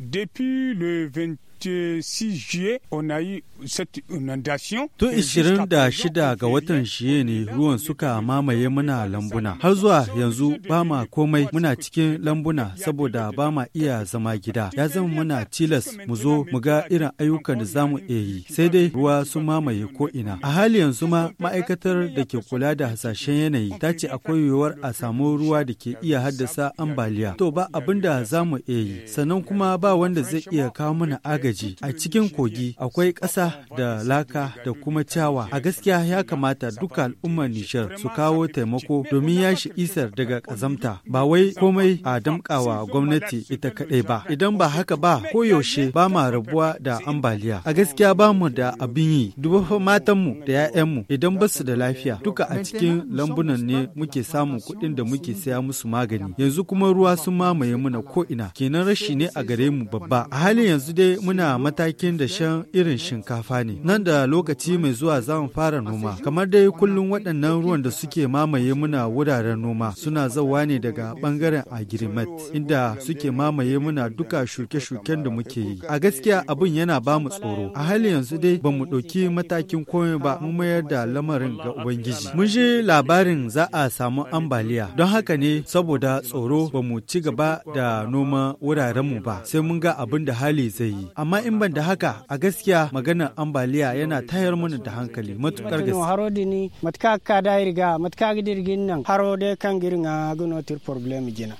Depuis le 20 26 euh, juillet, on a 26 ga watan shiye ne ruwan suka mamaye muna lambuna. Har zuwa yanzu ba ma komai muna cikin lambuna saboda ba ma iya zama gida. Ya zama muna tilas mu zo mu ga irin ayyukan da zamu mu iya yi. Sai dai ruwa sun mamaye ko ina. A hali yanzu ma ma'aikatar da ke kula da hasashen yanayi ta ce akwai yiwuwar a samu ruwa da ke iya haddasa ambaliya. To ba abin da za mu iya yi. Sannan kuma ba wanda zai iya kawo mana agaji agaji a cikin kogi akwai ƙasa da laka da kuma ciyawa a gaskiya ya kamata duka al'ummar nishar su kawo taimako domin ya shi isar daga ƙazamta ba wai komai a damƙawa gwamnati ita kaɗai ba idan ba haka ba koyaushe ba ma rabuwa da ambaliya a gaskiya ba mu da abin yi duba matanmu da mu. idan ba su da lafiya duka a cikin lambunan ne muke samun kuɗin da muke saya musu magani yanzu kuma ruwa sun mamaye muna ko'ina kenan rashi ne a gare mu babba a halin yanzu dai muna muna matakin da shan irin shinkafa ne. Nan da lokaci mai zuwa za mu fara noma. Kamar dai kullum waɗannan ruwan da suke mamaye muna wuraren noma suna zawa ne daga ɓangaren agirimet inda suke mamaye muna duka shuke-shuken da muke yi. A gaskiya abin yana ba mu tsoro. A hali yanzu dai ba mu ɗauki matakin komai ba mu mayar da lamarin ga Ubangiji. Mun ji labarin za a samu ambaliya don haka ne saboda tsoro ba mu ci gaba da noma wurarenmu ba sai mun ga abin da hali zai yi. Amma amma in ban da haka a gaskiya maganar ambaliya yana tayar mana da hankali matukar gaske ni matka ka da riga matka gidirgin nan harode kan girin a gunotir problem jina